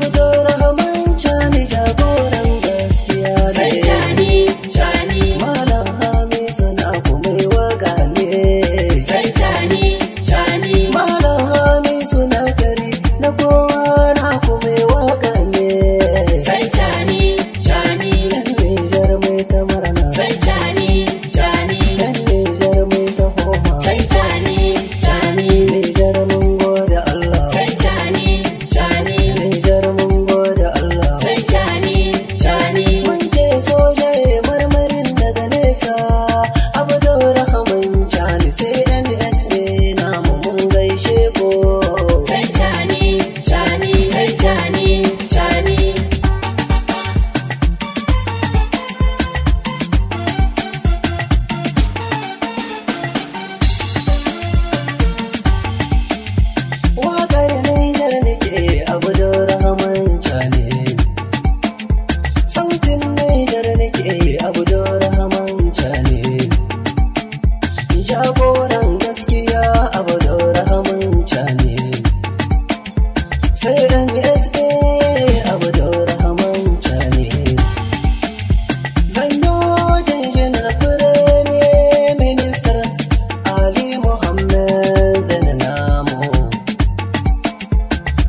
보더라 험한 잔이 잡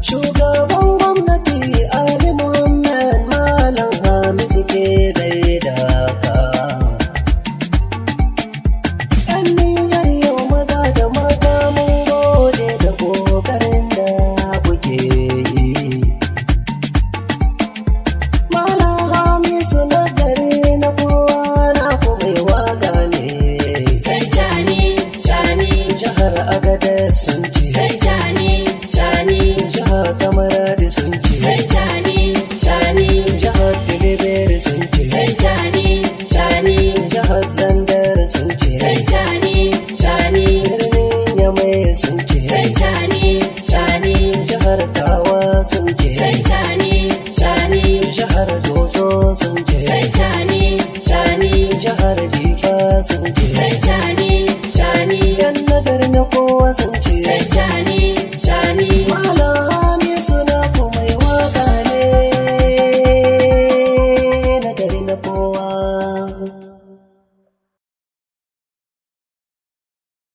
Show. cani cani jihar zandar sun ce sai cani cani birnin yamai sun ce sai cani cani jihar kawa sun ce sai cani cani jihar doso sun ce sai cani cani jihar difa sun ce sai